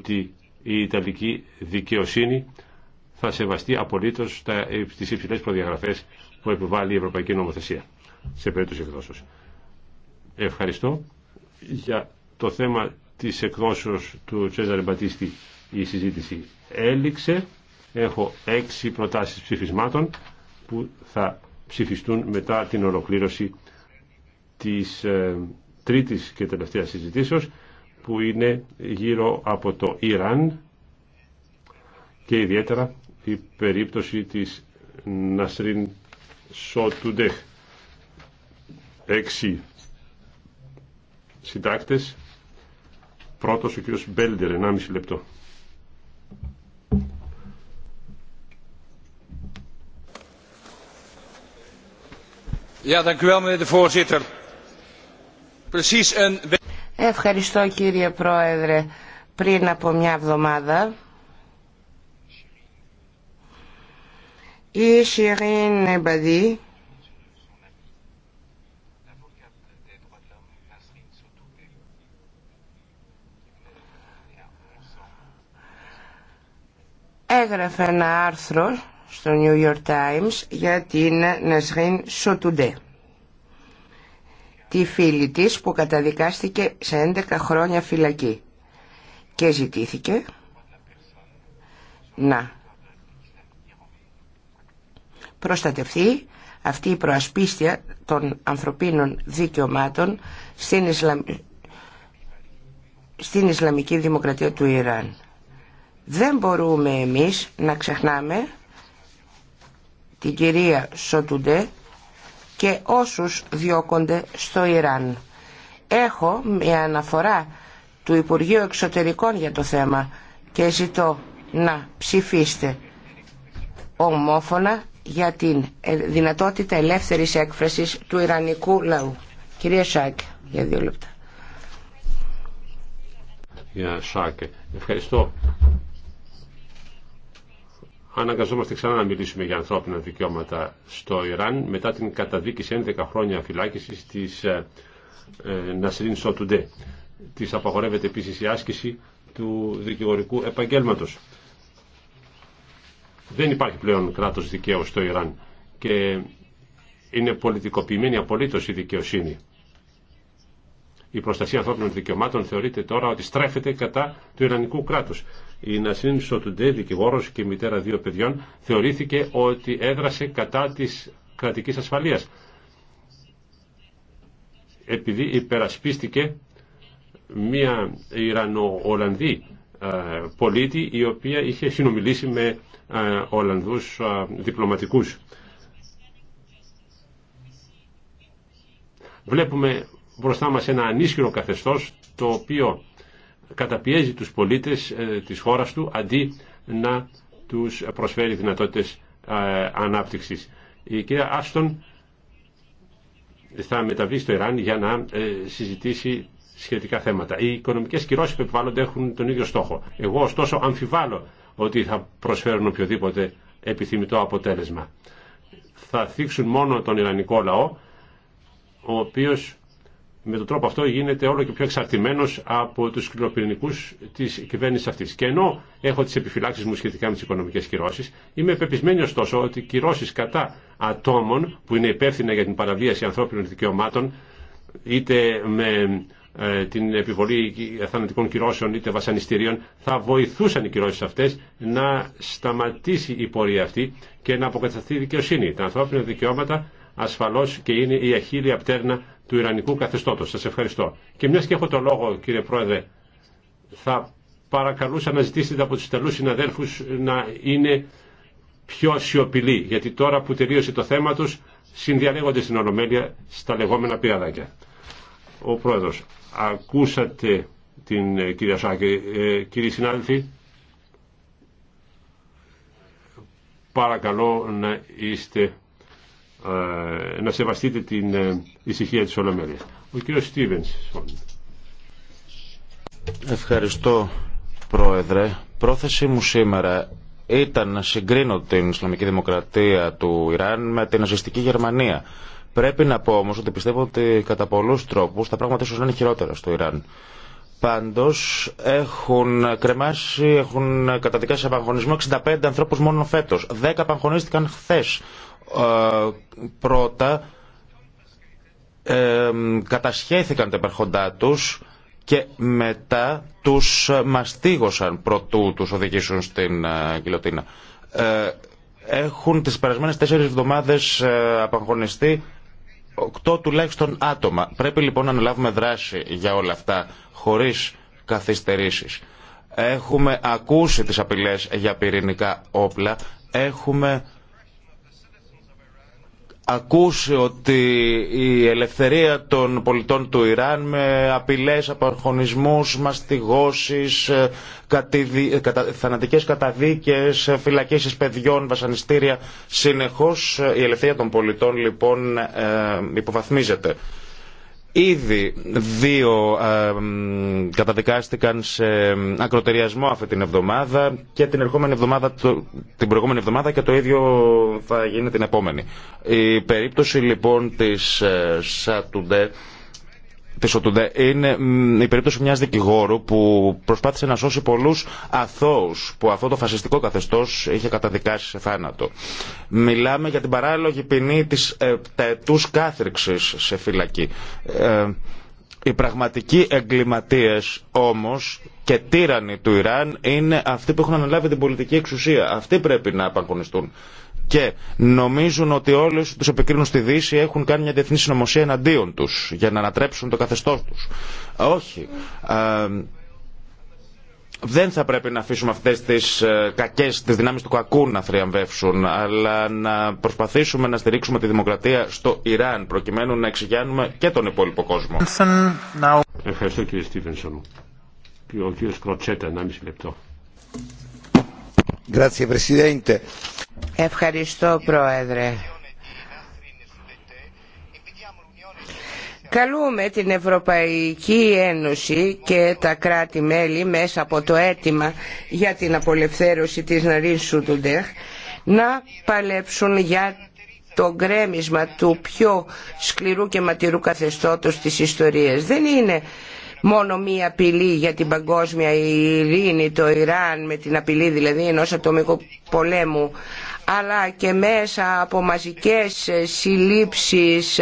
ότι η Ιταλική δικαιοσύνη θα σεβαστεί απολύτως τι υψηλέ προδιαγραφές που επιβάλλει η Ευρωπαϊκή Νομοθεσία σε περίπτωση εκδόσεως. Ευχαριστώ για το θέμα της εκδόσεως του Τσέζαρη Μπατίστη η συζήτηση έληξε. Έχω έξι προτάσεις ψηφισμάτων που θα ψηφιστούν μετά την ολοκλήρωση της ε, τρίτης και τελευταίας συζητήσεως που είναι γύρω από το Ιράν και ιδιαίτερα η περίπτωση της Νασρίν Σότουντεχ. Έξι συντάκτες. Πρώτος ο κ. Μπέλντερ, 1,5 λεπτό. Ja, dank u wel, meneer de voorzitter. Precies een... Ευχαριστώ κύριε Πρόεδρε. Πριν από μια εβδομάδα η Σιρίν Εμπαδί έγραφε ένα άρθρο στο New York Times για την Νασρίν Σοτουντέ τη φίλη της που καταδικάστηκε σε 11 χρόνια φυλακή και ζητήθηκε να προστατευθεί αυτή η προασπίστια των ανθρωπίνων δικαιωμάτων στην, στην Ισλαμική Δημοκρατία του Ιράν. Δεν μπορούμε εμείς να ξεχνάμε την κυρία Σοτουντέ και όσους διώκονται στο Ιράν. Έχω μια αναφορά του Υπουργείου Εξωτερικών για το θέμα και ζητώ να ψηφίστε ομόφωνα για την ε, δυνατότητα ελεύθερης έκφρασης του Ιρανικού λαού. Κυρία Σάκη, για δύο λεπτά. Κυρία Σάκη, ευχαριστώ αναγκαζόμαστε ξανά να μιλήσουμε για ανθρώπινα δικαιώματα στο Ιράν μετά την καταδίκη 11 χρόνια φυλάκισης τη ε, ε, Νασρίν Σότουντέ. Της απαγορεύεται επίση η άσκηση του δικηγορικού επαγγέλματος. Δεν υπάρχει πλέον κράτος δικαίου στο Ιράν και είναι πολιτικοποιημένη απολύτω η δικαιοσύνη. Η προστασία ανθρώπινων δικαιωμάτων θεωρείται τώρα ότι στρέφεται κατά του Ιρανικού κράτους η Νασίν Σοτουντέ, δικηγόρο και μητέρα δύο παιδιών, θεωρήθηκε ότι έδρασε κατά της κρατικής ασφαλείας επειδή υπερασπίστηκε μία Ιρανο-Ολλανδή ε, πολίτη η οποία είχε συνομιλήσει με ε, Ολλανδούς ε, διπλωματικούς. Βλέπουμε μπροστά μας ένα ανίσχυρο καθεστώς το οποίο καταπιέζει τους πολίτες ε, της χώρας του αντί να τους προσφέρει δυνατότητες ε, ανάπτυξης. Η κυρία Άστον θα μεταβεί στο Ιράν για να ε, συζητήσει σχετικά θέματα. Οι οικονομικές κυρώσεις που επιβάλλονται έχουν τον ίδιο στόχο. Εγώ ωστόσο αμφιβάλλω ότι θα προσφέρουν οποιοδήποτε επιθυμητό αποτέλεσμα. Θα θίξουν μόνο τον Ιρανικό λαό, ο οποίος με τον τρόπο αυτό γίνεται όλο και πιο εξαρτημένο από του κληροπυρηνικού τη κυβέρνηση αυτή. Και ενώ έχω τι επιφυλάξει μου σχετικά με τι οικονομικέ κυρώσει, είμαι πεπισμένη ωστόσο ότι κυρώσει κατά ατόμων που είναι υπεύθυνα για την παραβίαση ανθρώπινων δικαιωμάτων, είτε με ε, την επιβολή θανατικών κυρώσεων είτε βασανιστήριων, θα βοηθούσαν οι κυρώσει αυτέ να σταματήσει η πορεία αυτή και να αποκατασταθεί η δικαιοσύνη. Τα ανθρώπινα δικαιώματα ασφαλώ και είναι η αχίλια πτέρνα του Ιρανικού καθεστώτος. Σας ευχαριστώ. Και μιας και έχω το λόγο κύριε Πρόεδρε, θα παρακαλούσα να ζητήσετε από τους τελούς συναδέλφους να είναι πιο σιωπηλοί, γιατί τώρα που τελείωσε το θέμα τους συνδιαλέγονται στην Ολομέλεια στα λεγόμενα πειραδάκια. Ο Πρόεδρος, ακούσατε την ε, κυρία Σάκη, ε, κύριοι συνάδελφοι, παρακαλώ να είστε ε, να σεβαστείτε την ε, ησυχία της Ολομέλειας. Ο κύριος λοιπόν. Ευχαριστώ Πρόεδρε. Πρόθεσή μου σήμερα ήταν να συγκρίνω την Ισλαμική Δημοκρατία του Ιράν με την ναζιστική Γερμανία. Πρέπει να πω όμως ότι πιστεύω ότι κατά πολλού τρόπους τα πράγματα ίσως είναι χειρότερα στο Ιράν. Πάντως έχουν κρεμάσει, έχουν καταδικάσει απαγχωνισμό 65 ανθρώπους μόνο φέτος. 10 απαγχωνίστηκαν χθες. Ε, πρώτα κατασχέθηκαν τα υπερχοντά τους και μετά τους ε, μαστίγωσαν προτού τους οδηγήσουν στην ε, κοιλωτίνα. Ε, έχουν τις περασμένες τέσσερις εβδομάδες απαγχωνιστεί οκτώ τουλάχιστον άτομα. Πρέπει λοιπόν να αναλάβουμε δράση για όλα αυτά χωρίς καθυστερήσεις. Έχουμε ακούσει τις απειλές για πυρηνικά όπλα, έχουμε ακούσει ότι η ελευθερία των πολιτών του Ιράν με απειλές, απαρχονισμούς, μαστιγώσεις, ε, ε, κατα... θανατικές καταδίκες, ε, φυλακίσεις παιδιών, βασανιστήρια, συνεχώς η ελευθερία των πολιτών λοιπόν υποβαθμίζεται. Ήδη δύο καταδικάστηκαν σε ακροτεριασμό αυτή την εβδομάδα και την, ερχόμενη εβδομάδα, την προηγούμενη εβδομάδα και το ίδιο θα γίνει την επόμενη. Η περίπτωση λοιπόν της ε, είναι η περίπτωση μια δικηγόρου που προσπάθησε να σώσει πολλού αθώου που αυτό το φασιστικό καθεστώ είχε καταδικάσει σε θάνατο. Μιλάμε για την παράλογη ποινή τη επταετού κάθριξη σε φυλακή. Ε, οι πραγματικοί εγκληματίε όμως και τύρανοι του Ιράν είναι αυτοί που έχουν αναλάβει την πολιτική εξουσία. Αυτοί πρέπει να απαγωνιστούν και νομίζουν ότι όλοι όσοι του επικρίνουν στη Δύση έχουν κάνει μια διεθνή συνωμοσία εναντίον του για να ανατρέψουν το καθεστώ του. Όχι. Ε, δεν θα πρέπει να αφήσουμε αυτέ τι ε, κακέ, τι δυνάμει του κακού να θριαμβεύσουν, αλλά να προσπαθήσουμε να στηρίξουμε τη δημοκρατία στο Ιράν, προκειμένου να εξηγιάνουμε και τον υπόλοιπο κόσμο. Ευχαριστώ κύριε Στίβενσον. Ο κύριο Κροτσέτα, λεπτό. Grazie Presidente. Ευχαριστώ Πρόεδρε. Καλούμε την Ευρωπαϊκή Ένωση και τα κράτη-μέλη μέσα από το αίτημα για την απολευθέρωση της Ναρίν Σουτουντεχ να παλέψουν για το γκρέμισμα του πιο σκληρού και ματηρού καθεστώτος της ιστορίας. Δεν είναι μόνο μία απειλή για την παγκόσμια ειρήνη, το Ιράν με την απειλή δηλαδή ενός ατομικού πολέμου αλλά και μέσα από μαζικές συλλήψεις,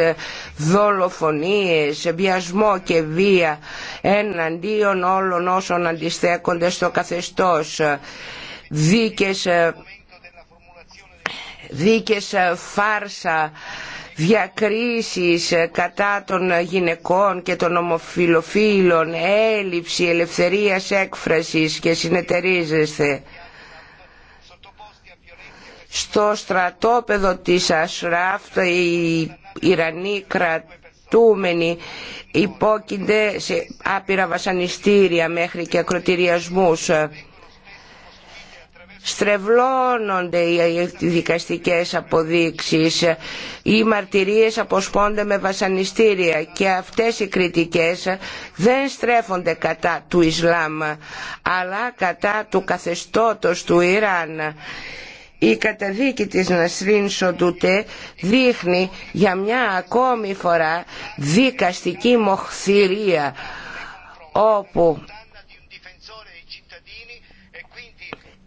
δολοφονίες, βιασμό και βία εναντίον όλων όσων αντιστέκονται στο καθεστώς, δίκες, δίκες φάρσα διακρίσεις ε, κατά των γυναικών και των ομοφιλοφίλων, έλλειψη ελευθερίας έκφρασης και συνεταιρίζεσθε στο στρατόπεδο της ΑΣΡΑΦΤ οι Ιρανοί κρατούμενοι υπόκεινται σε άπειρα βασανιστήρια μέχρι και ακροτηριασμούς στρεβλώνονται οι δικαστικές αποδείξεις, οι μαρτυρίες αποσπώνται με βασανιστήρια και αυτές οι κριτικές δεν στρέφονται κατά του Ισλάμ αλλά κατά του καθεστώτος του Ιράν. Η καταδίκη της Νασρίν Σοντούτε δείχνει για μια ακόμη φορά δικαστική μοχθηρία όπου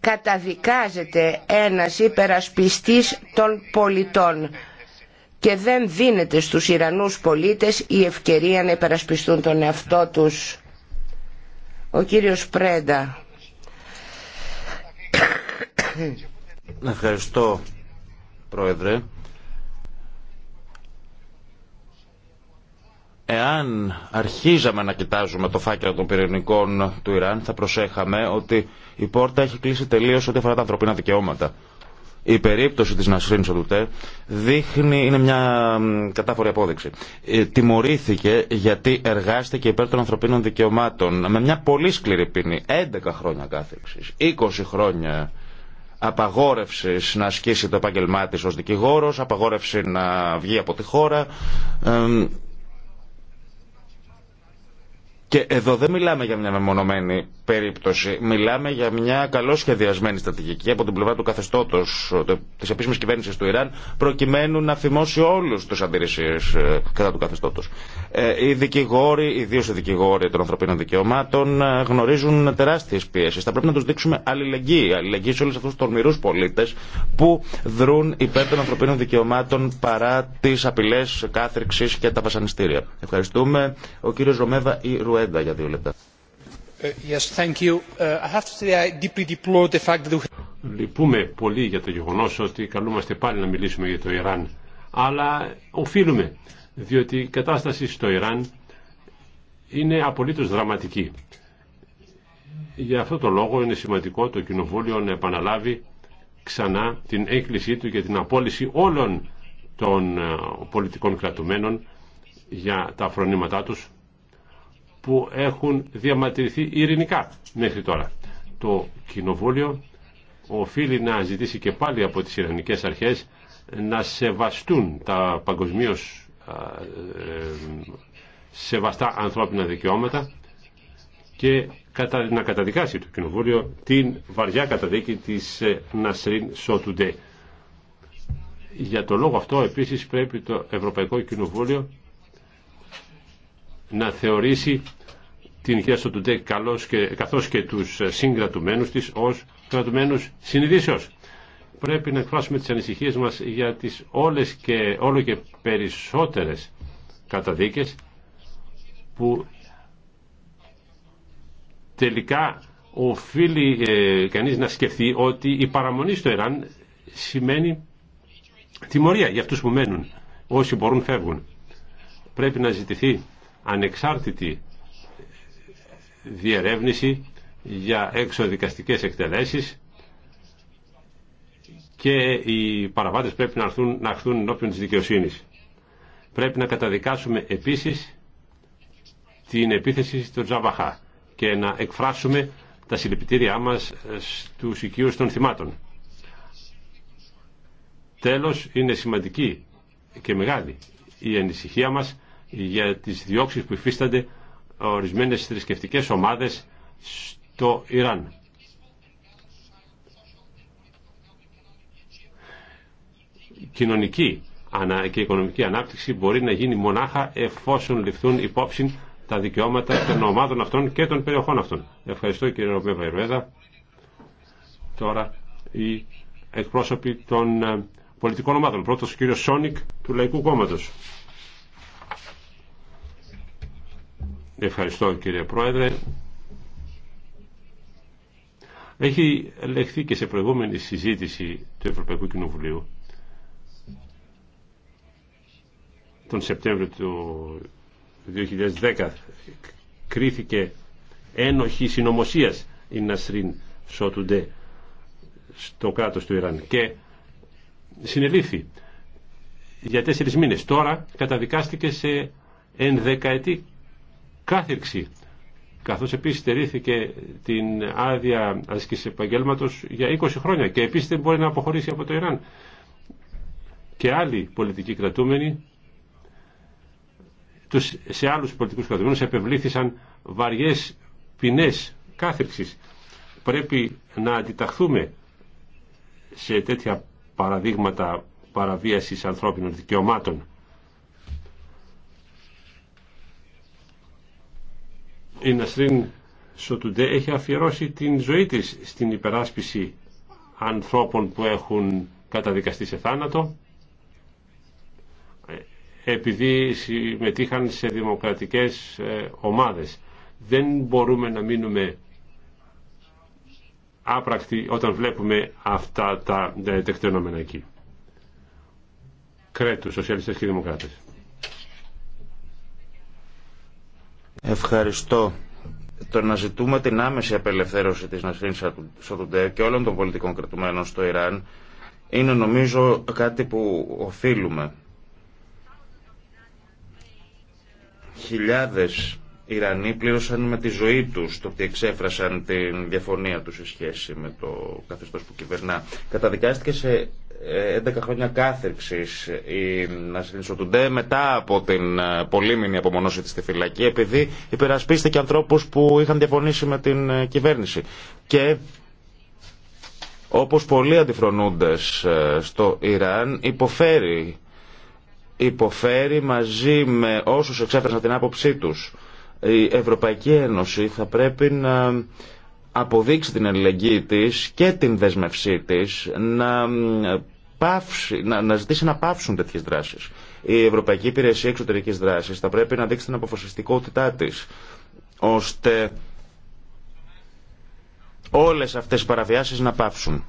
καταδικάζεται ένας υπερασπιστής των πολιτών και δεν δίνεται στους Ιρανούς πολίτες η ευκαιρία να υπερασπιστούν τον εαυτό τους. Ο κύριος Πρέντα. Ευχαριστώ, Πρόεδρε. Εάν αρχίζαμε να κοιτάζουμε το φάκελο των πυρηνικών του Ιράν, θα προσέχαμε ότι η πόρτα έχει κλείσει τελείω ό,τι αφορά τα ανθρωπίνα δικαιώματα. Η περίπτωση τη Νασρίν Σοδουτέ δείχνει, είναι μια κατάφορη απόδειξη. Ε, τιμωρήθηκε γιατί εργάστηκε υπέρ των ανθρωπίνων δικαιωμάτων με μια πολύ σκληρή ποινή. 11 χρόνια κάθεξη, 20 χρόνια απαγόρευση να ασκήσει το επάγγελμά τη ω δικηγόρο, απαγόρευση να βγει από τη χώρα. Και εδώ δεν μιλάμε για μια μεμονωμένη περίπτωση. Μιλάμε για μια καλώ σχεδιασμένη στρατηγική από την πλευρά του καθεστώτο τη επίσημη κυβέρνηση του Ιράν, προκειμένου να θυμώσει όλου του αντιρρησίε ε, κατά του καθεστώτο. Ε, οι δικηγόροι, ιδίω οι δικηγόροι των ανθρωπίνων δικαιωμάτων, ε, γνωρίζουν τεράστιε πιέσει. Θα πρέπει να του δείξουμε αλληλεγγύη. Αλληλεγγύη σε όλου αυτού του τολμηρού πολίτε που δρούν υπέρ των ανθρωπίνων δικαιωμάτων παρά τι απειλέ κάθριξη και τα βασανιστήρια. Ευχαριστούμε. Ο κύριο Ρωμέβα ή Ρουέντα για δύο λεπτά. Λυπούμε πολύ για το γεγονός ότι καλούμαστε πάλι να μιλήσουμε για το Ιράν. Αλλά οφείλουμε, διότι η κατάσταση στο Ιράν είναι απολύτως δραματική. Για αυτό το λόγο είναι σημαντικό το Κοινοβούλιο να επαναλάβει ξανά την έκκλησή του για την απόλυση όλων των ε, πολιτικών κρατουμένων για τα φρονήματά τους που έχουν διαμαρτυρηθεί ειρηνικά μέχρι τώρα. Το Κοινοβούλιο οφείλει να ζητήσει και πάλι από τις Ιρανικές αρχές να σεβαστούν τα παγκοσμίω ε, σεβαστά ανθρώπινα δικαιώματα και να καταδικάσει το Κοινοβούλιο την βαριά καταδίκη της ε, Νασρίν Σότουντε. Για το λόγο αυτό επίσης πρέπει το Ευρωπαϊκό Κοινοβούλιο να θεωρήσει την κυρία καλώς και, καθώς και τους συγκρατουμένους της ως κρατουμένους συνειδήσεως. Πρέπει να εκφράσουμε τις ανησυχίες μας για τις όλες και, όλο και περισσότερες καταδίκες που τελικά οφείλει ε, κανείς να σκεφτεί ότι η παραμονή στο Ιράν σημαίνει τιμωρία για αυτούς που μένουν. Όσοι μπορούν φεύγουν. Πρέπει να ζητηθεί ανεξάρτητη διερεύνηση για εξοδικαστικές εκτελέσεις και οι παραβάτες πρέπει να αρθούν να ενώπιον της δικαιοσύνης. Πρέπει να καταδικάσουμε επίσης την επίθεση στο Τζαβαχά και να εκφράσουμε τα συλληπιτήριά μας στους οικείους των θυμάτων. Τέλος, είναι σημαντική και μεγάλη η ανησυχία μας για τις διώξεις που υφίστανται ορισμένες θρησκευτικέ ομάδες στο Ιράν. Κοινωνική και οικονομική ανάπτυξη μπορεί να γίνει μονάχα εφόσον ληφθούν υπόψη τα δικαιώματα των ομάδων αυτών και των περιοχών αυτών. Ευχαριστώ κύριε Ρομπέ Βαϊρουέδα. Τώρα οι εκπρόσωποι των ε, πολιτικών ομάδων. Πρώτος ο κύριος Σόνικ του Λαϊκού Κόμματος. Ευχαριστώ κύριε Πρόεδρε. Έχει λεχθεί και σε προηγούμενη συζήτηση του Ευρωπαϊκού Κοινοβουλίου τον Σεπτέμβριο του 2010 κρίθηκε ένοχη συνωμοσία η Νασρίν Σότουντε στο κράτος του Ιράν και συνελήφθη για τέσσερις μήνες. Τώρα καταδικάστηκε σε ενδεκαετή κάθερξη καθώς επίσης στερήθηκε την άδεια άσκηση επαγγέλματο για 20 χρόνια και επίσης δεν μπορεί να αποχωρήσει από το Ιράν. Και άλλοι πολιτικοί κρατούμενοι, σε άλλους πολιτικούς κρατούμενους επευλήθησαν βαριές ποινές κάθερξης. Πρέπει να αντιταχθούμε σε τέτοια παραδείγματα παραβίασης ανθρώπινων δικαιωμάτων. η Νασρίν Σοτουντέ έχει αφιερώσει την ζωή της στην υπεράσπιση ανθρώπων που έχουν καταδικαστεί σε θάνατο επειδή συμμετείχαν σε δημοκρατικές ε, ομάδες. Δεν μπορούμε να μείνουμε άπρακτοι όταν βλέπουμε αυτά τα τεκτενόμενα εκεί. Κρέτου, σοσιαλιστές και δημοκράτες. Ευχαριστώ. Το να ζητούμε την άμεση απελευθέρωση της Νασρίν Σαρουντέ και όλων των πολιτικών κρατουμένων στο Ιράν είναι νομίζω κάτι που οφείλουμε. Χιλιάδες Ιρανοί πλήρωσαν με τη ζωή τους το ότι εξέφρασαν την διαφωνία τους σε σχέση με το καθεστώς που κυβερνά. Καταδικάστηκε σε 11 ε, χρόνια κάθερξης η Νασίνη Σοτουντέ μετά από την ε, πολύμηνη απομονώση της στη φυλακή επειδή υπερασπίστηκε ανθρώπους που είχαν διαφωνήσει με την ε, κυβέρνηση. Και όπως πολλοί αντιφρονούντες στο Ιράν υποφέρει υποφέρει μαζί με όσους εξέφρασαν την άποψή τους η Ευρωπαϊκή Ένωση θα πρέπει να αποδείξει την αλληλεγγύη της και την δέσμευσή της να, πάυσει, να, να ζητήσει να πάψουν τέτοιες δράσεις. Η Ευρωπαϊκή Υπηρεσία Εξωτερικής Δράσης θα πρέπει να δείξει την αποφασιστικότητά της ώστε όλες αυτές οι παραβιάσεις να πάψουν.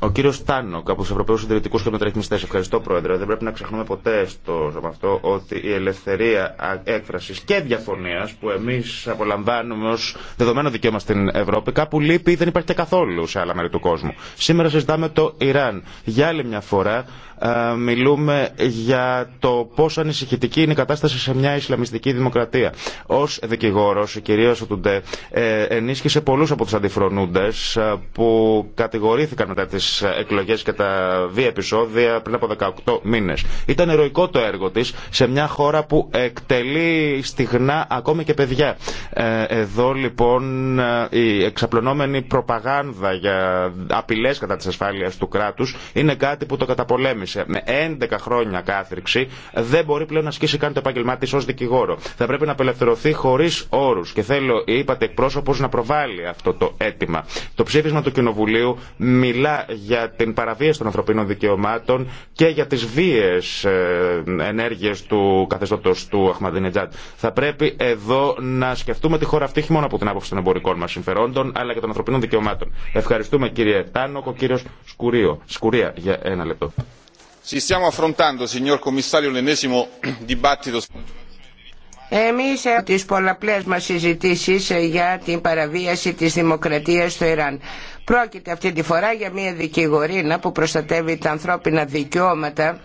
Ο κύριο Τάνοκ από του Ευρωπαίου Συντηρητικού και Μεταρρυθμιστέ. Ευχαριστώ, Πρόεδρε. Δεν πρέπει να ξεχνούμε ποτέ στο ζώμα αυτό ότι η ελευθερία έκφραση και διαφωνία που εμεί απολαμβάνουμε ω δεδομένο δικαίωμα στην Ευρώπη κάπου λείπει ή δεν υπάρχει και καθόλου σε άλλα μέρη του κόσμου. Σήμερα συζητάμε το Ιράν. Για άλλη μια φορά ε, μιλούμε για το πόσο ανησυχητική είναι η κατάσταση σε μια Ισλαμιστική δημοκρατία. Ω δικηγόρο, η κυρία Σοτουντέ ε, ενίσχυσε πολλού από του αντιφρονούντε ε, που κατηγορήθηκαν μετά τι εκλογέ και τα βία επεισόδια πριν από 18 μήνε. Ήταν ερωικό το έργο τη σε μια χώρα που εκτελεί στιγνά ακόμη και παιδιά. Εδώ λοιπόν η εξαπλωνόμενη προπαγάνδα για απειλέ κατά τη ασφάλεια του κράτου είναι κάτι που το καταπολέμησε ε, με 11 χρόνια κάθριξη δεν μπορεί πλέον να ασκήσει καν το επάγγελμά τη ω δικηγόρο. Θα πρέπει να απελευθερωθεί χωρί όρου και θέλω, είπατε εκπρόσωπο, να προβάλλει αυτό το αίτημα. Το ψήφισμα του Κοινοβουλίου μιλά για την παραβίαση των ανθρωπίνων δικαιωμάτων και για τι βίαιε ενέργειε του καθεστώτο του Αχμαντινετζάτ. Θα πρέπει εδώ να σκεφτούμε τη χώρα αυτή όχι μόνο από την άποψη των εμπορικών μα συμφερόντων αλλά και των ανθρωπίνων δικαιωμάτων. Ευχαριστούμε κύριε Τάνοκο, κύριο Σκουρίο. Σκουρία για ένα λεπτό. Stiamo affrontando, signor Commissario, l'ennesimo dibattito. Εμείς από τις πολλαπλές μας ε, για την παραβίαση της δημοκρατία στο Ιράν. Πρόκειται αυτή τη φορά για μια δικηγορίνα που προστατεύει τα ανθρώπινα δικαιώματα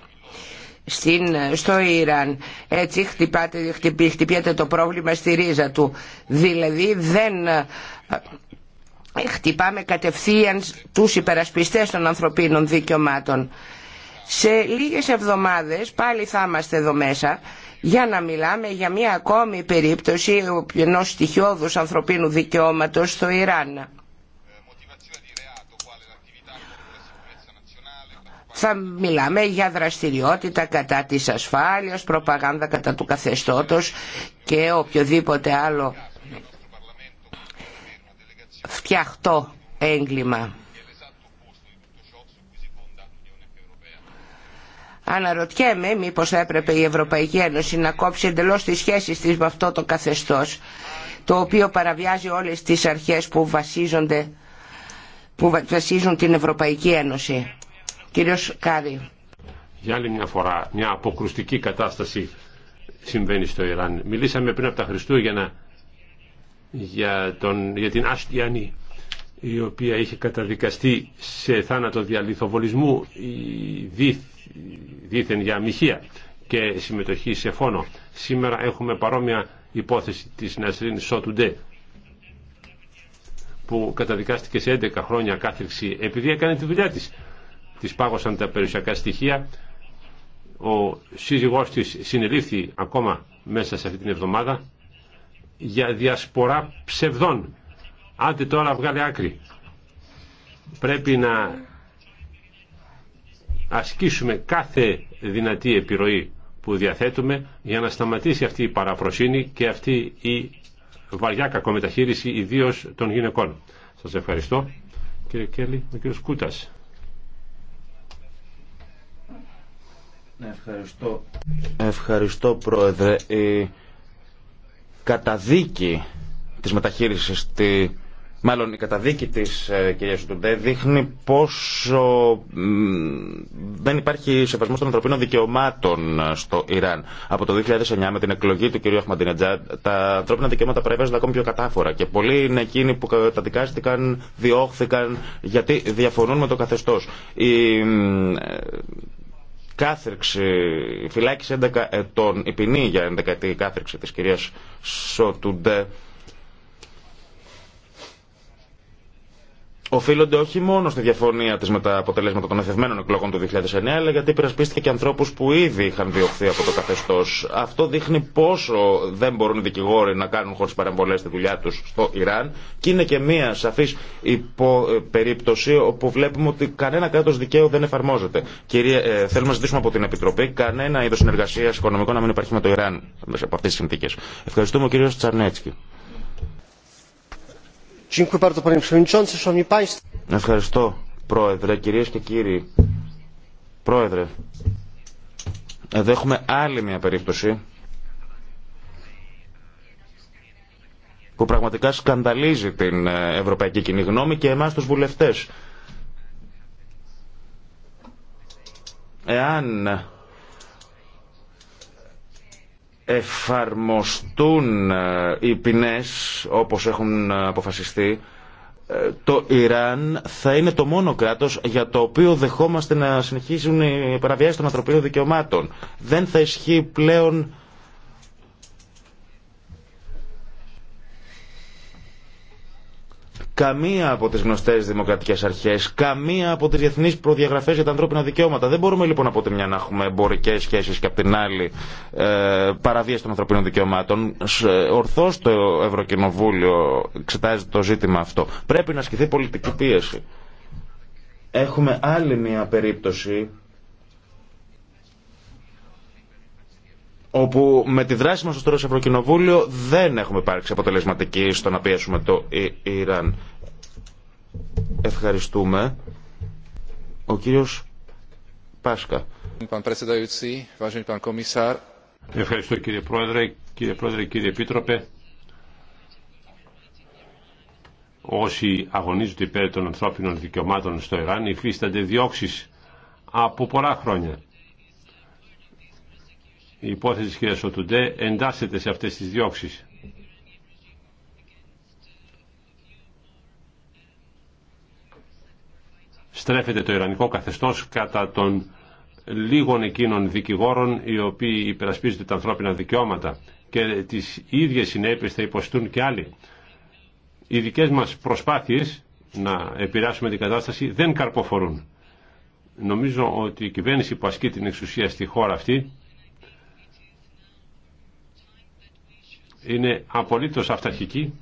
στο Ιράν. Έτσι χτυπάτε, χτυπιέται το πρόβλημα στη ρίζα του. Δηλαδή δεν ε, χτυπάμε κατευθείαν τους υπερασπιστές των ανθρωπίνων δικαιωμάτων. Σε λίγες εβδομάδες πάλι θα είμαστε εδώ μέσα για να μιλάμε για μια ακόμη περίπτωση ενό στοιχειώδους ανθρωπίνου δικαιώματος στο Ιράν. Θα μιλάμε για δραστηριότητα κατά της ασφάλειας, προπαγάνδα κατά του καθεστώτος και οποιοδήποτε άλλο φτιαχτό έγκλημα. Αναρωτιέμαι μήπως θα έπρεπε η Ευρωπαϊκή Ένωση να κόψει εντελώς τις σχέσεις της με αυτό το καθεστώς το οποίο παραβιάζει όλες τις αρχές που βασίζονται που βασίζουν την Ευρωπαϊκή Ένωση. Κύριος Κάρη. Για άλλη μια φορά, μια αποκρουστική κατάσταση συμβαίνει στο Ιράν. Μιλήσαμε πριν από τα Χριστούγεννα για, τον, για την Άστιανη η οποία είχε καταδικαστεί σε θάνατο διαλυθοβολισμού η δίθ δίθεν για αμυχία και συμμετοχή σε φόνο. Σήμερα έχουμε παρόμοια υπόθεση της Νασρίν Σότουντέ που καταδικάστηκε σε 11 χρόνια κάθριξη επειδή έκανε τη δουλειά της. Της πάγωσαν τα περιουσιακά στοιχεία. Ο σύζυγός της συνελήφθη ακόμα μέσα σε αυτή την εβδομάδα για διασπορά ψευδών. Άντε τώρα βγάλε άκρη. Πρέπει να ασκήσουμε κάθε δυνατή επιρροή που διαθέτουμε για να σταματήσει αυτή η παραφροσύνη και αυτή η βαριά κακομεταχείριση ιδίω των γυναικών. Σας ευχαριστώ. Κύριε Κέλλη, ο Κούτας. Ναι, ευχαριστώ. Ευχαριστώ Πρόεδρε. Η καταδίκη της μεταχείρισης στη Μάλλον η καταδίκη της ε, κυρίας Τουντέ δείχνει πόσο δεν υπάρχει σεβασμός των ανθρωπίνων δικαιωμάτων ε, στο Ιράν. Από το 2009 με την εκλογή του κυρίου Αχμαντινετζά τα ανθρώπινα δικαιώματα παραβιάζονται ακόμη πιο κατάφορα και πολλοί είναι εκείνοι που καταδικάστηκαν, διώχθηκαν γιατί διαφωνούν με το καθεστώς. Η, ε, κάθριξη, φυλάκιση 11 ετών, η ποινή για 11 ετή κάθριξη της κυρίας Σοτουντέ οφείλονται όχι μόνο στη διαφωνία τη με τα αποτελέσματα των εθευμένων εκλογών του 2009, αλλά γιατί υπερασπίστηκε και ανθρώπου που ήδη είχαν διωχθεί από το καθεστώ. Αυτό δείχνει πόσο δεν μπορούν οι δικηγόροι να κάνουν χωρί παρεμβολέ τη δουλειά του στο Ιράν. Και είναι και μία σαφή ε, περίπτωση όπου βλέπουμε ότι κανένα κράτο δικαίου δεν εφαρμόζεται. Κύριε, ε, θέλουμε να ζητήσουμε από την Επιτροπή κανένα είδο συνεργασία οικονομικών να μην υπάρχει με το Ιράν μέσα από αυτέ τι συνθήκε. Ευχαριστούμε ο κύριο Τσαρνέτσκι. Ευχαριστώ, Πρόεδρε, κυρίες και κύριοι. Πρόεδρε, εδώ έχουμε άλλη μια περίπτωση που πραγματικά σκανδαλίζει την ε, ευρωπαϊκή κοινή γνώμη και εμάς τους βουλευτές. Εάν εφαρμοστούν ε, οι ποινές όπως έχουν αποφασιστεί ε, το Ιράν θα είναι το μόνο κράτος για το οποίο δεχόμαστε να συνεχίζουν οι παραβιάσεις των ανθρωπίνων δικαιωμάτων. Δεν θα ισχύει πλέον καμία από τι γνωστέ δημοκρατικέ αρχέ, καμία από τι διεθνεί προδιαγραφέ για τα ανθρώπινα δικαιώματα. Δεν μπορούμε λοιπόν από τη μια να έχουμε εμπορικέ σχέσει και από την άλλη ε, παραβίαση των ανθρωπίνων δικαιωμάτων. Ε, Ορθώ το Ευρωκοινοβούλιο εξετάζει το ζήτημα αυτό. Πρέπει να ασκηθεί πολιτική πίεση. Έχουμε άλλη μια περίπτωση όπου με τη δράση μας στο τώρα Ευρωκοινοβούλιο δεν έχουμε υπάρξει αποτελεσματική στο να πιέσουμε το Ιράν. Ευχαριστούμε. Ο κύριος Πάσκα. Ευχαριστώ κύριε Πρόεδρε, κύριε Πρόεδρε, κύριε Επίτροπε. Όσοι αγωνίζονται υπέρ των ανθρώπινων δικαιωμάτων στο Ιράν υφίστανται διώξεις από πολλά χρόνια η υπόθεση της κυρίας Σοτουντέ εντάσσεται σε αυτές τις διώξεις. Στρέφεται το Ιρανικό καθεστώς κατά των λίγων εκείνων δικηγόρων οι οποίοι υπερασπίζονται τα ανθρώπινα δικαιώματα και τις ίδιες συνέπειες θα υποστούν και άλλοι. Οι δικές μας προσπάθειες να επηρεάσουμε την κατάσταση δεν καρποφορούν. Νομίζω ότι η κυβέρνηση που ασκεί την εξουσία στη χώρα αυτή είναι απολύτως αυταρχική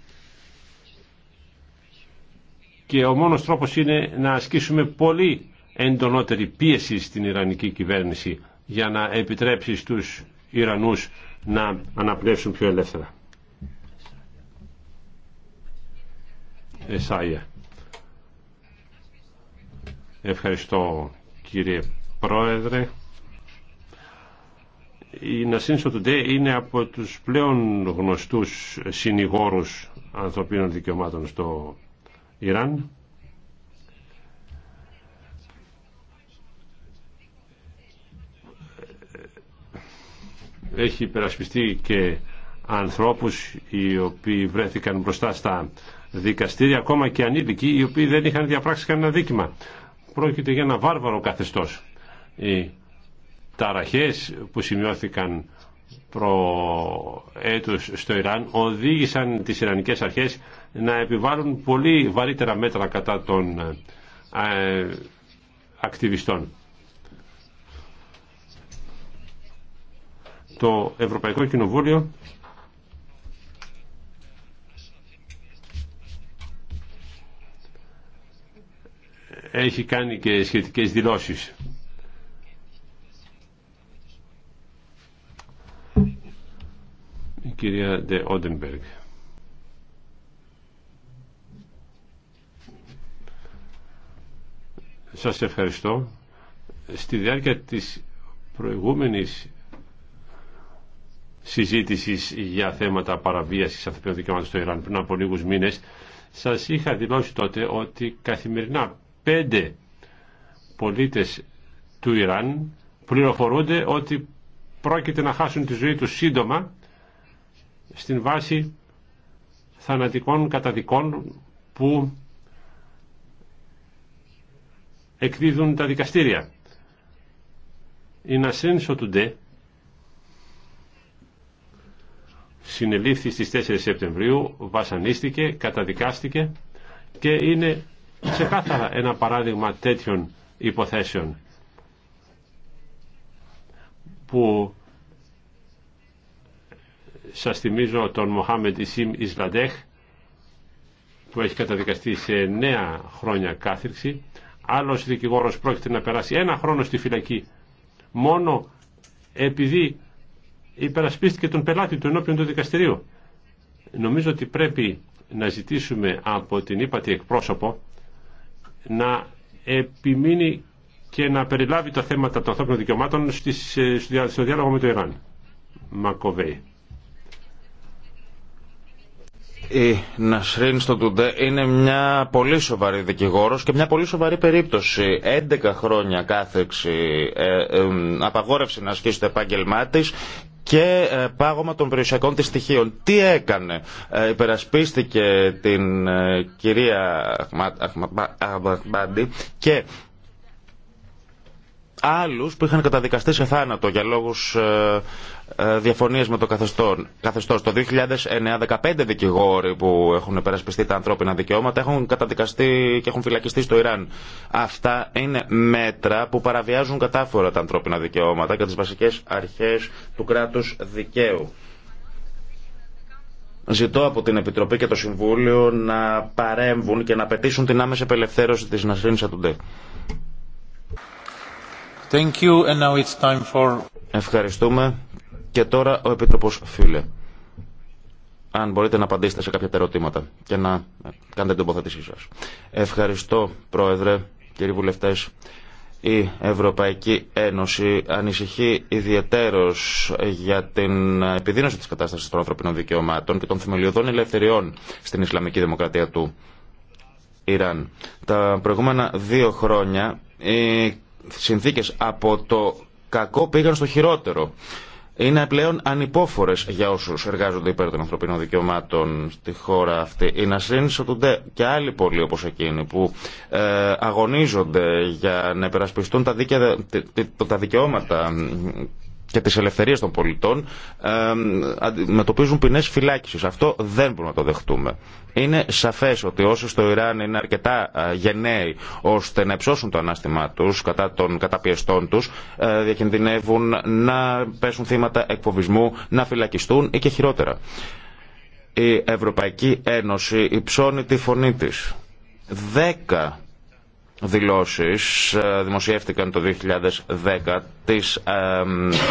και ο μόνος τρόπος είναι να ασκήσουμε πολύ εντονότερη πίεση στην Ιρανική κυβέρνηση για να επιτρέψει στους Ιρανούς να αναπνεύσουν πιο ελεύθερα. Εσάγια. Ευχαριστώ κύριε Πρόεδρε. Η Νασίν Σοτουντέ είναι από τους πλέον γνωστούς συνηγόρους ανθρωπίνων δικαιωμάτων στο Ιράν. Έχει υπερασπιστεί και ανθρώπους οι οποίοι βρέθηκαν μπροστά στα δικαστήρια, ακόμα και ανήλικοι, οι οποίοι δεν είχαν διαπράξει κανένα δίκημα. Πρόκειται για ένα βάρβαρο καθεστώς ταραχές που σημειώθηκαν προ στο Ιράν οδήγησαν τις Ιρανικές αρχές να επιβάλλουν πολύ βαρύτερα μέτρα κατά των ε, ακτιβιστών. Το Ευρωπαϊκό Κοινοβούλιο έχει κάνει και σχετικές δηλώσεις. κυρία Ντε Όντενμπεργκ. Σας ευχαριστώ. Στη διάρκεια της προηγούμενης συζήτησης για θέματα παραβίασης ανθρωπίνων δικαιωμάτων στο Ιράν πριν από λίγους μήνες, σας είχα δηλώσει τότε ότι καθημερινά πέντε πολίτες του Ιράν πληροφορούνται ότι πρόκειται να χάσουν τη ζωή τους σύντομα στην βάση θανατικών καταδικών που εκδίδουν τα δικαστήρια. Η Νασέν Σοτουντέ συνελήφθη στις 4 Σεπτεμβρίου, βασανίστηκε, καταδικάστηκε και είναι ξεκάθαρα ένα παράδειγμα τέτοιων υποθέσεων που σας θυμίζω τον Μοχάμεντ Ισίμ Ισλαντέχ που έχει καταδικαστεί σε 9 χρόνια κάθριξη. Άλλος δικηγόρος πρόκειται να περάσει ένα χρόνο στη φυλακή μόνο επειδή υπερασπίστηκε τον πελάτη του ενώπιον του δικαστηρίου. Νομίζω ότι πρέπει να ζητήσουμε από την ύπατη εκπρόσωπο να επιμείνει και να περιλάβει τα θέματα των ανθρώπινων δικαιωμάτων ε, στο διάλογο με το Ιράν. Μακοβέη. Η Νασρίν στο Τουντέ είναι μια πολύ σοβαρή δικηγόρος και μια πολύ σοβαρή περίπτωση. 11 χρόνια κάθεξη ε, απαγόρευση να ασκήσει το επάγγελμά της και ε, πάγωμα των περιουσιακών της στοιχείων. Τι έκανε. Ε, υπερασπίστηκε την κυρία Αχμαμπάντη και άλλους που είχαν καταδικαστεί σε θάνατο για λόγους ε, ε, διαφωνίες με το καθεστώ. καθεστώς. Το 2009, 15 δικηγόροι που έχουν περασπιστεί τα ανθρώπινα δικαιώματα έχουν καταδικαστεί και έχουν φυλακιστεί στο Ιράν. Αυτά είναι μέτρα που παραβιάζουν κατάφορα τα ανθρώπινα δικαιώματα και τις βασικές αρχές του κράτους δικαίου. Ζητώ από την Επιτροπή και το Συμβούλιο να παρέμβουν και να πετήσουν την άμεση απελευθέρωση της Νασρίνης Ατουντέ. Ευχαριστούμε. Και τώρα ο Επίτροπος Φίλε. Αν μπορείτε να απαντήσετε σε κάποια ερωτήματα και να κάνετε την τοποθέτησή σας. Ευχαριστώ, Πρόεδρε, κύριοι βουλευτές. Η Ευρωπαϊκή Ένωση ανησυχεί ιδιαιτέρως για την επιδείνωση της κατάστασης των ανθρωπίνων δικαιωμάτων και των θεμελιωδών ελευθεριών στην Ισλαμική Δημοκρατία του Ιράν. Τα προηγούμενα δύο χρόνια η συνθήκες από το κακό πήγαν στο χειρότερο. Είναι πλέον ανυπόφορε για όσου εργάζονται υπέρ των ανθρωπίνων δικαιωμάτων στη χώρα αυτή. Η Νασρίν Σοτουντέ και άλλοι πολλοί όπω εκείνοι που ε, αγωνίζονται για να υπερασπιστούν τα, τα δικαιώματα και τις ελευθερίες των πολιτών αντιμετωπίζουν ποινές φυλάκισης. Αυτό δεν μπορούμε να το δεχτούμε. Είναι σαφές ότι όσοι στο Ιράν είναι αρκετά ε, γενναίοι ώστε να υψώσουν το ανάστημά τους κατά των καταπιεστών τους, ε, διακινδυνεύουν να πέσουν θύματα εκφοβισμού, να φυλακιστούν ή και χειρότερα. Η Ευρωπαϊκή Ένωση υψώνει τη φωνή της. Δέκα δηλώσεις ε, δημοσιεύτηκαν το 2010 τις ε,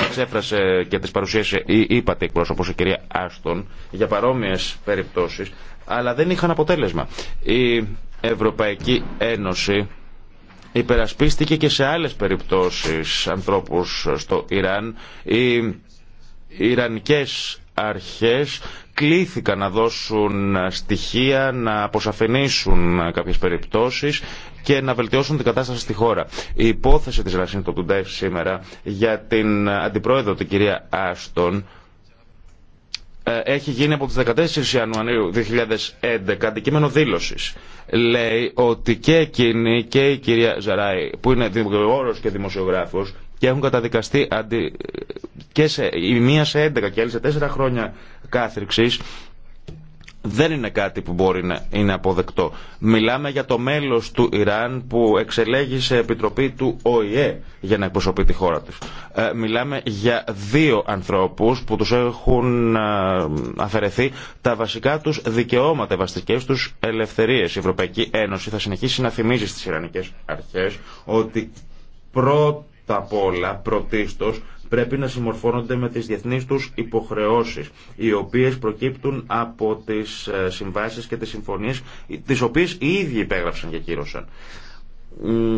εξέφρασε και τις παρουσίασε η ύπατη εκπρόσωπος η κυρία Άστον για παρόμοιες περιπτώσεις αλλά δεν είχαν αποτέλεσμα η Ευρωπαϊκή Ένωση υπερασπίστηκε και σε άλλες περιπτώσεις ανθρώπους στο Ιράν οι Ιρανικές αρχές κλήθηκαν να δώσουν στοιχεία, να αποσαφενήσουν κάποιες περιπτώσεις και να βελτιώσουν την κατάσταση στη χώρα. Η υπόθεση της Ρασίντο Τουντέφ σήμερα για την αντιπρόεδρο την κυρία Άστον ε, έχει γίνει από τις 14 Ιανουαρίου 2011 αντικείμενο δήλωσης. Λέει ότι και εκείνη και η κυρία Ζαράη που είναι δημοσιογράφος και δημοσιογράφος και έχουν καταδικαστεί και σε... η μία σε 11 και άλλη σε 4 χρόνια κάθριξης δεν είναι κάτι που μπορεί να είναι αποδεκτό. Μιλάμε για το μέλος του Ιράν που εξελέγει σε επιτροπή του ΟΗΕ για να εκπροσωπεί τη χώρα της. Ε, μιλάμε για δύο ανθρώπους που τους έχουν ε, αφαιρεθεί τα βασικά τους δικαιώματα, βασικέ τους ελευθερίες. Η Ευρωπαϊκή Ένωση θα συνεχίσει να θυμίζει στις Ιρανικές αρχές ότι πρώτο τα απ' όλα, πρωτίστως, πρέπει να συμμορφώνονται με τις διεθνείς τους υποχρεώσεις, οι οποίες προκύπτουν από τις ε, συμβάσεις και τις συμφωνίες, τις οποίες οι ίδιοι υπέγραψαν και κύρωσαν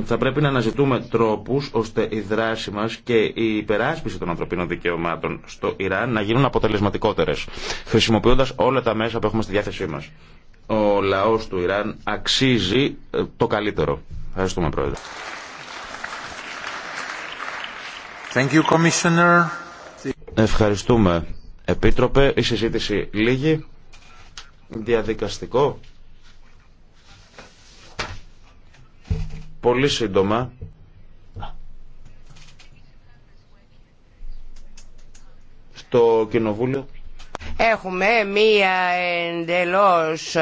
θα πρέπει να αναζητούμε τρόπους ώστε η δράση μας και η υπεράσπιση των ανθρωπίνων δικαιωμάτων στο Ιράν να γίνουν αποτελεσματικότερες, χρησιμοποιώντας όλα τα μέσα που έχουμε στη διάθεσή μας. Ο λαός του Ιράν αξίζει ε, το καλύτερο. Ευχαριστούμε, Πρόεδρε. Ευχαριστούμε. Επίτροπε, η συζήτηση λίγη. Διαδικαστικό. Πολύ σύντομα. Στο Κοινοβούλιο. Έχουμε μία εντελώς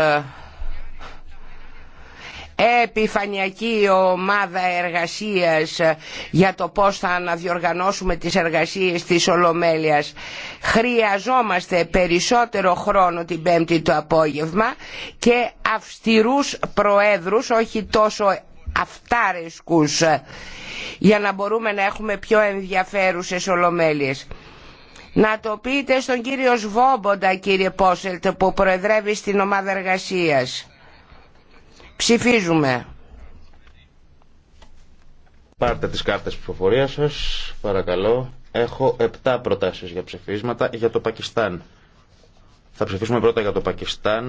επιφανειακή ομάδα εργασίας για το πώς θα αναδιοργανώσουμε τις εργασίες της Ολομέλειας. Χρειαζόμαστε περισσότερο χρόνο την Πέμπτη το απόγευμα και αυστηρούς προέδρους, όχι τόσο αυτάρεσκους, για να μπορούμε να έχουμε πιο ενδιαφέρουσες Ολομέλειες. Να το πείτε στον κύριο Σβόμποντα, κύριε Πόσελτ, που προεδρεύει στην ομάδα εργασίας Ψηφίζουμε. Πάρτε τις κάρτες ψηφοφορία σας, παρακαλώ. Έχω 7 προτάσεις για ψηφίσματα για το Πακιστάν. Θα ψηφίσουμε πρώτα για το Πακιστάν.